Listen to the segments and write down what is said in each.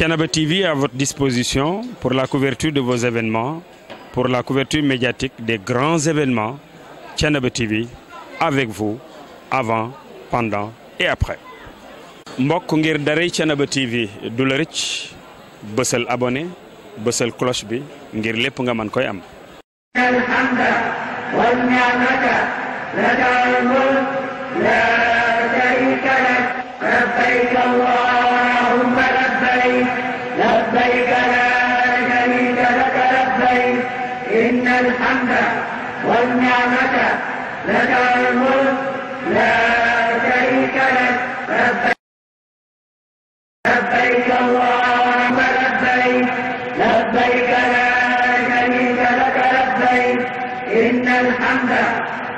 Tianaba TV est à votre disposition pour la couverture de vos événements, pour la couverture médiatique des grands événements. Tianaba TV avec vous avant, pendant et après. Mbokungir ngir remercie, Tianaba TV du la abonné bësal cloche bi ngir lépp nga الحمد والنعمة لك الملك لا شريك لك لبيك لبيك اللهم لبيك لبيك لا شريك لك لبيك إن الحمد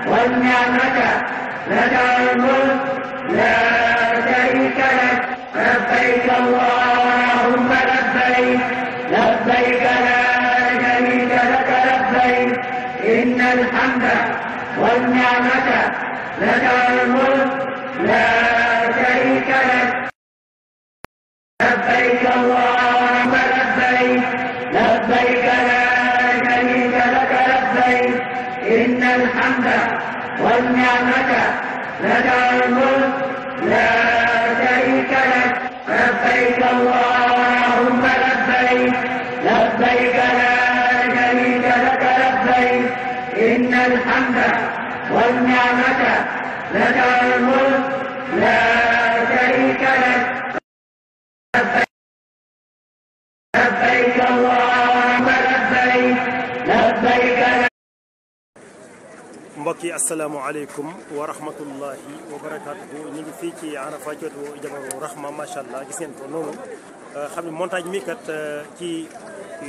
والنعمة لك الملك لا لك لك الملك لا شريك لك mbokk yi asalaamaaleykum wa rahmatullahi wa barakaatuhu ñu ngi fii ci Arafat jotu jabaru rahma macha allah gis ngeen ko noonu xam montage mi kat ci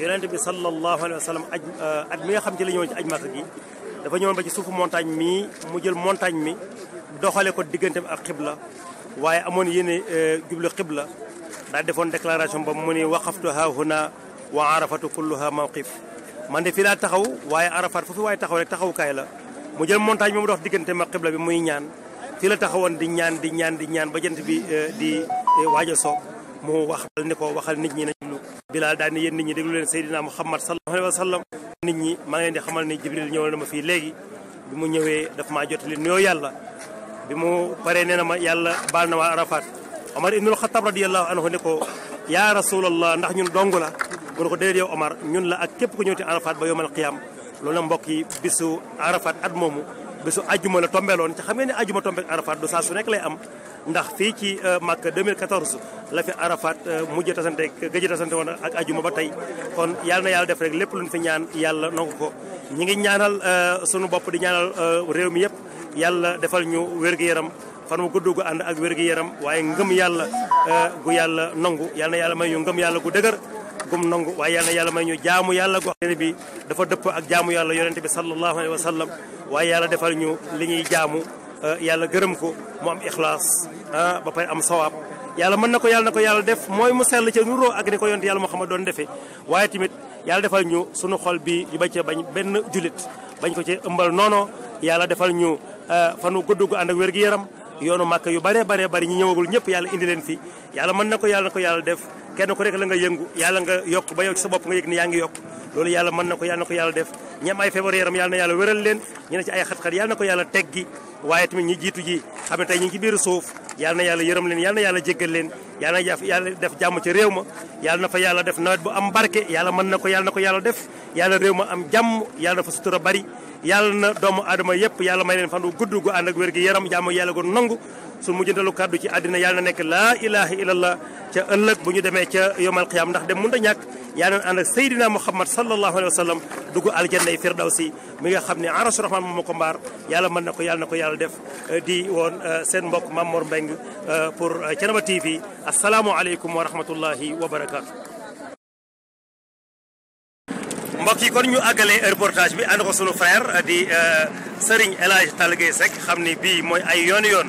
yonente bi sallallahu alayhi wa sallam aj at mi nga xam ci la ñëwoon ci aj Makka gi dafa ñëwoon ba ci suufu montagne mi mu jël montagne mi doxale ko diggante ak xibla waaye amoon yéene jublu xibla daal defoon déclaration ba mu ni waqaftu ha huna wa arafatu kulluha mawqif man de taxaw waaye arafat foofu waaye taxaw rek taxawukaay la mu jël montagne bi mu dox diggante ma xibla bi muy ñaan fi la taxawoon di ñaan di ñaan di ñaan ba jant bi euh, di euh, waaj a soog mu waxal ni ko waxal nit ñi nañu Bilaal daal ni yéen nit ñi déglu leen Seydina Muhammad sallallahu alayhi wa sallam nit ñi maa ngi leen di xamal ni Jibril ñëw na ma fii léegi bi mu ñëwee daf maa jotali nuyoo yàlla bi mu paree nee na ma yàlla baal na waa Arafat Omar ibnul Xattaab radiyallahu anhu ne ko yaa rasulallah ndax ñun dong la mu ne ko déedéet yow ñun la ak képp ku ñëw ci Arafat ba yowmal qiyaam loolu nag mbokk yi bisu arafat at moomu bisu ajjuma la tombeloon te xam ngeen ne ajjuma tombeek arafat du saa su nekk lay am ndax fii ci euh, Màkka 2014 la fi arafat euh, mujj tasante gëj tasante woon ak ajjuma ba tey kon yàlla na yàlla def rek lépp luñ fi ñaan yàlla nangu ko ñi ngi ñaanal euh, sunu bopp di ñaanal réew mi yëpp yàlla defal ñu wér-gu-yaram fan wu gudd gu ànd ak wér-gu-yaram waaye ngëm yàlla gu yàlla nangu yàlla na yàlla may ñu ngëm yàlla gu dëgër gum nangu waaye yal na yàlla may ñu jaamu yàlla goo xam ne bi dafa dëpp ak jaamu yàlla yonente bi sallallahu alayhi wa sallam waaye yàlla defal ñu li ñuy jaamu eh, yàlla gërëm ko mu am ixlaas eh, ba pare am sawaab yàlla mën na ko yàlla ko yàlla def mooy mu sell ca nuroo ak ni ko yonte yàlla Muhammad doon defee waaye tamit yàlla defal ñu sunu xol bi ñu bañ ca bañ benn julit bañ ko ci ëmbal noono yàlla defal ñu eh, fanu gudd gu ànd ak wér-gi-yaram yoonu màkk yu bare bare bari ñu ñëwagul ñëpp yàlla indi leen fi yàlla mën na ko yàlla ko yàlla def kenn ko nekk la nga yëngu yàlla nga yokk ba yow ci sa bopp nga yëg ni yaa ngi yokk loolu yàlla mën na ko yàlla na ko yàlla def ñi am ay feebar yaram yàlla na yàlla wéral leen ñu ne ci ay xat-xat yàlla na ko yàlla teggi waaye tamit ñi jiitu ji xam ne tey ñu ngi suuf yàlla na yàlla yàlla na yàlla jéggal leen yàlla yàlla def jàmm ci réew ma yàlla na fa yàlla def nawet bu am barke yàlla man na ko yàlla na ko yàlla def yàlla réew ma am jàmm yàlla na fa sutura bari yàlla na doomu aadama yëpp yàlla may leen fan wu gudd gu ànd ak wér gi yaram jàmm yàlla gu nangu su mujjantalu kàddu ci àddina yàlla na nekk laa ilaha illallah ca ëllëg bu ñu demee ca yomal qiyaam ndax dem mënut a ñàkk yàlla na ànd Seydina Muhammad sallallahu alayhi wa sallam dugg aljanna yi firdawsi mi nga xam ne arasu rahmaan moom ko mbaar yàlla mën na ko yàlla na ko yàlla def eh, di woon eh, seen mbokk Mame Mor Mbengue eh, pour Thiénaba TV asalaamualeykum wa rahmatullahi wa barakaatu. mbokk yi kon ñu àggale reportage bi ànd ko sunu frère di euh, Serigne El Hadj Talla Gueye xam ni bii mooy ay yoon yoon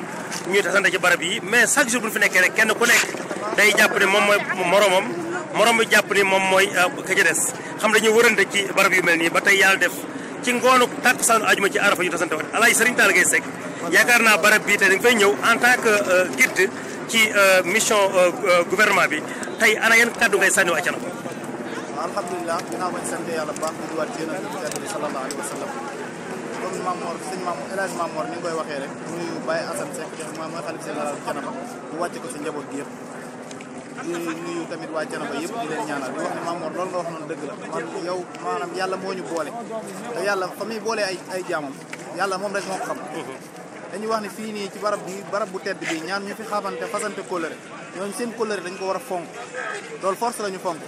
ñuy tasante ci barab yi mais chaque jour bu fi nekkee rek kenn ku nekk day jàpp ni moom mooy moromam morom bi jàpp ni moom mooy euh, ka ca des xam dañuy wërante ci barab yu mel nii ba tey yàlla def ci ngoonu takkusaanu ajuma ci arafa ñu tasante wax El Hadj Serigne Talla Gueye Seck yaakaar naa barab bii te dañ fay ñëw en tant que euh, guide ci mission gouvernement bi tey ana yan kàddu ngay sànni wàcc na alhamdulilah ginnaaw bañ sant yàlla bu baax di diwaat ci yonent bi tedd bi sallallahu alayhi wa sallam comme Mame Mor sëñ Mame El ni nga koy waxee rek nuyu Baye Assane Seck moom mooy xalif général Thiénaba bu wàcce ko sa njaboot gi yëpp di nuyu tamit waa Thiénaba yëpp di leen ñaanal di wax ne loolu nga wax noonu dëgg la man yow maanaam yàlla moo ñu boole te yàlla fa muy boolee ay ay jaamam yàlla moom rek moo ko xam mhm. dañuy wax ne fii nii ci barab bi barab bu tedd bi ñaan ñu ñooñu seen couleur dañ ko war a fonk loolu force la ñu fonk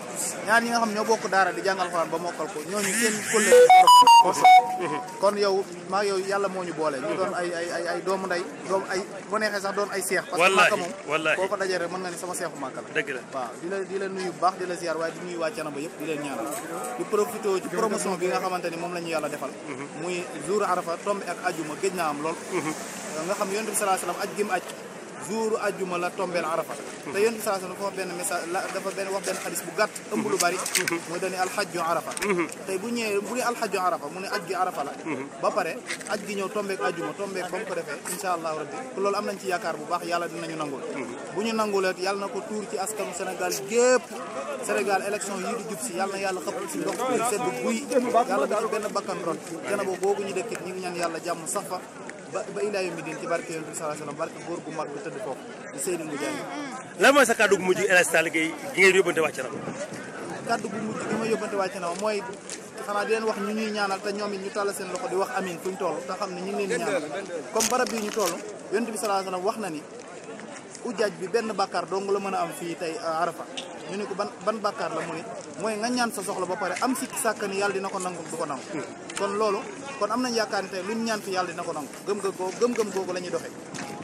ñaar ñi nga xam ñoo bokk daara di jàngal xuraan ba mokkal ko ñooñu seen couleur kon yow maa yow yàlla moo ñu boole ñu doon ay ay ay ay doomu nday doom ay bu neexee sax doon ay seex parce que moom boo fa dajee rek mën nga ni sama seexu màkka la dëgg la waaw di la di la nuyu bu baax di la ziar waaye di nuyu waa Thiénaba yëpp di leen ñaanal di profité ci promotion bi nga xamante ni moom la ñu yàlla defal mhm. muy jour arafa am lool mhm. nga xam yonent bi sallallahu jour ajjuma la tombeel arafa te yonent bi saa dafa wax benn message dafa benn wax benn xadis bu gàtt ëmb lu bari muy dañu alxajju arafa tey bu ñëwee bu ne alxajju arafa mu ne aj gi arafa la ba pare aj gi ñëw tombeek ajjuma tombeek ba mu ko defee insha allahu rabbi ku loolu am nañ ci yaakaar bu baax yàlla dinañu nangul bu ñu nanguleet yàlla na ko tuur ci askanu Sénégal gépp Sénégal élection yii di jub si yàlla na yàlla xëpp si ndox sedd guy benn bakkan ron jana boobu ñu dëkk ñu ngi ñaan yàlla jàmm sax fa ba ba indaa yombi din ci barke yonent bi sallallahu alayhi wasallam ko góor gu mag bu tëdd foofu di Seydil Mujaahid mm, mm, mm. lan mooy sa kàddu gu mujj El Hadj Sall Gueye yóbbante wàcc na ma mooy xanaa di leen wax ñu ñuy ñaanal te ñoom it ñu tàll seen loxo di wax amin fuñ toll te xam ne ñu ngi leen ñaanal comme barab bii ñu toll yonent bi sallallahu alayhi wasallam wax na ni ujaaj bi benn bàkkaar dong la mën a am fii tey Arafa ñu ne ko ban ban bàkkaar la mu ne mooy nga ñaan sa soxla ba pare am si sàkk ni yàlla dina ko nangu du ko nangu kon loolu kon am nañ yaakaar ni tey luñ ñaan fi yàlla dina ko nangu gëm-gëm googu gëm-gëm googu la ñuy doxee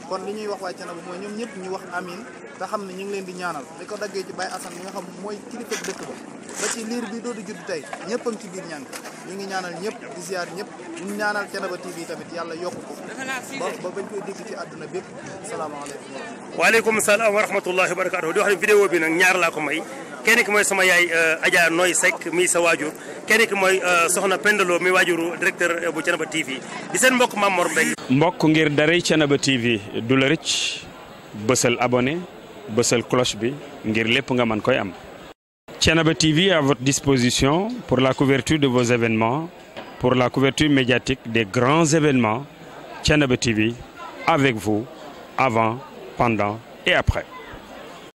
kon li ñuy wax waa Thiénaba mooy ñoom ñëpp ñu wax amin te xam ne ñu ngi leen di ñaanal li ko daggee ci Baye Assane mi nga xam mooy kilifa dëkk ba ba ci liir bi doodu judd tey ñëpp ci biir ñànk ñu ngi ñaanal ñëpp di ziar ñëpp ñu ñaanal Thiénaba TV tamit yàlla yokk ko ba ba bañ koy dégg ci àdduna bépp salaamaaleykum waaleykum salaam wa rahmatullahi wa barakatuh di ne vidéo bi nag ñaar laa ko may kenn ki mooy sama yaay euh, Adja Nooy Seck mi sa waajur kenn ki mooy euh, soxna Pendelo mi waajuru directeur euh, bu Thiénaba TV di seen mbokk Mamor Mbengue mbokk ngir darey Thiénaba TV du la rëcc bësal abonné bësal cloche bi ngir lépp nga mën koy am Tianaba TV est à votre disposition pour la couverture de vos événements, pour la couverture médiatique des grands événements. Tianaba TV, avec vous, avant, pendant et après.